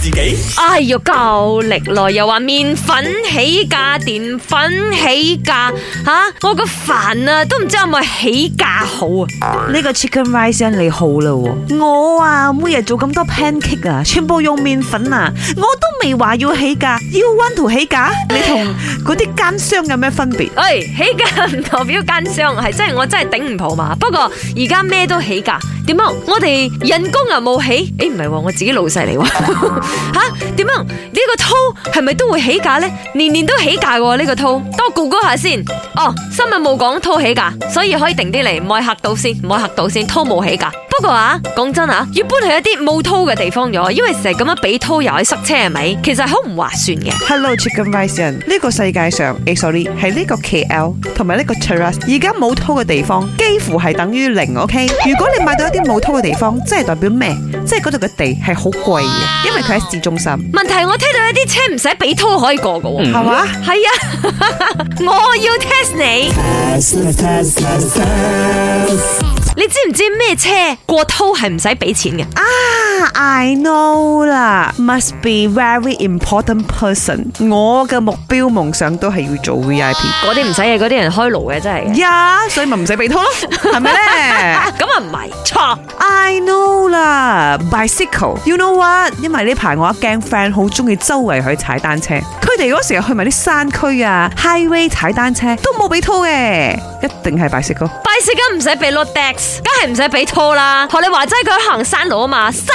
自己？哎呀，夠力咯！又話麵粉起價，澱粉起價，吓我個飯啊都唔知有冇起價好啊？呢、啊啊這個 chicken rice 你利好啦、啊！我啊每日做咁多 pancake 啊，全部用麵粉啊，我都未話要起價，要溫頭起價？ 你同嗰啲奸商有咩分別？誒，起價唔代表奸商，係真係我真係頂唔到嘛。不過而家咩都起價，點啊？我哋人工又冇起，誒唔係我自己老細嚟喎。吓、 啊？點樣？呢、這個套係咪都會起價呢？年年都起價嘅呢個套，多估估下先。哦，新聞冇講套起價，所以可以定啲嚟，唔好吓到先，唔好吓到先，套冇起價。不過啊，講真啊，要搬去一啲冇拖嘅地方咗，因為成日咁樣俾拖又可以塞車，係咪？其實好唔划算嘅。Hello, chicken rice 人，呢個世界上、A、，sorry，係呢個 KL 同埋呢個 Terus，而家冇拖嘅地方幾乎係等於零。O、OK? K，如果你買到一啲冇拖嘅地方，即係代表咩？即係嗰度嘅地係好貴嘅，因為佢喺市中心。問題我聽到一啲車唔使俾拖可以過嘅，係、嗯、嘛？係啊， 我要 test 你。你知唔知咩車過 toll 係唔使畀錢嘅啊？I know 啦，must be very important person。我嘅目標夢想都係要做 VIP。嗰啲唔使嘅，嗰啲人開勞嘅真係。呀，所以咪唔使畀拖咯，係咪咧？咁啊唔係錯。I know 啦，bicycle。You know what？因為呢排我一驚 friend 好中意周圍去踩單車，佢哋嗰時去埋啲山區啊，highway 踩單車都冇畀拖嘅，一定係 bicycle。bicycle 唔使畀 lock decks，梗係唔使畀拖啦。學你話齋佢行山路啊嘛，山。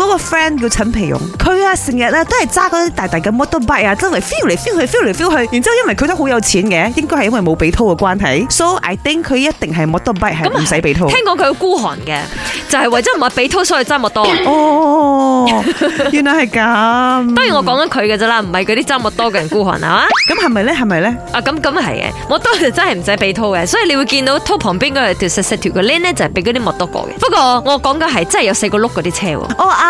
嗰個 friend 叫陳皮勇，佢啊成日咧都係揸嗰啲大大嘅摩托 bike 啊，周圍飛嚟飛去，飛嚟飛去。然之後因為佢都好有錢嘅，應該係因為冇俾 toll 嘅關係。So I think 佢一定係摩托 bike 係唔使俾 toll。聽講佢好孤寒嘅，就係為咗唔係俾 toll，所以揸摩托。哦，原來係咁。當然我講緊佢嘅啫啦，唔係嗰啲揸摩托嘅人孤寒啊嘛。咁係咪咧？係咪咧？啊咁咁係嘅，我當時真係唔使俾 toll 嘅，所以你會見到 toll 旁邊嗰條細細條嘅 lane 咧，就係俾嗰啲摩托過嘅。不過我講緊係真係有四個轆嗰啲車。哦啊！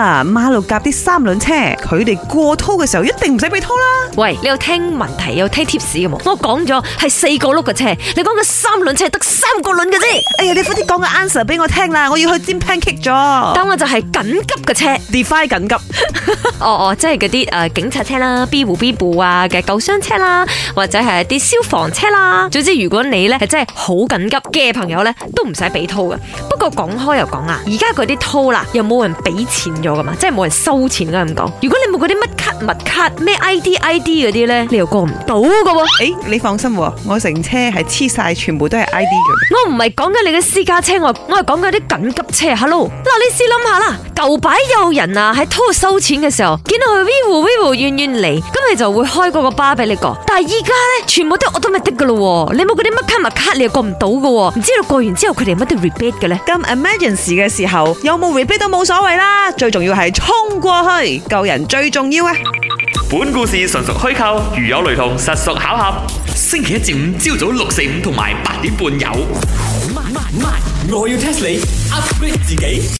馬路夾啲三輪車，佢哋過拖嘅時候一定唔使俾拖啦。喂，你有聽問題有睇貼士嘅？我講咗係四個轆嘅車，你講個三輪車得三個輪嘅啫。哎呀，你快啲講個 answer 俾我聽啦，我要去占 p a n k 咗。等我就係緊急嘅車，Defy 緊急。哦 哦，即係嗰啲誒警察車啦 b i b i 啊嘅救傷車啦，或者係啲消防車啦。總之，如果你咧係真係好緊急嘅朋友咧，都唔使俾拖嘅。不過講開又講啊，而家嗰啲拖啦，又冇人俾錢咗噶真係冇人收錢啦，咁講。如果你冇嗰啲乜卡密卡咩 I D I D 嗰啲咧，你又過唔到噶。誒、欸，你放心，我成車係黐晒，全部都係 I D 嘅。我唔係講緊你嘅私家車，我我係講緊啲緊急車。Hello，嗱，你試諗下啦，舊擺有人啊，喺 toll 收錢嘅時候，見到佢 Vivo Vivo 遠遠嚟，咁佢就會開嗰個巴俾你過。但係依家咧，全部都我都未得噶啦，你冇嗰啲乜卡密卡，你又過唔到噶。唔知道過完之後佢哋乜都 repeat 嘅咧？咁 emergency 嘅時候有冇 repeat 都冇所謂啦，最重要係。係衝過去救人最重要啊！本故事純屬虛構，如有雷同，實屬巧合。星期一至五朝早六四五同埋八點半有。我要 test 你，upgrade 自己。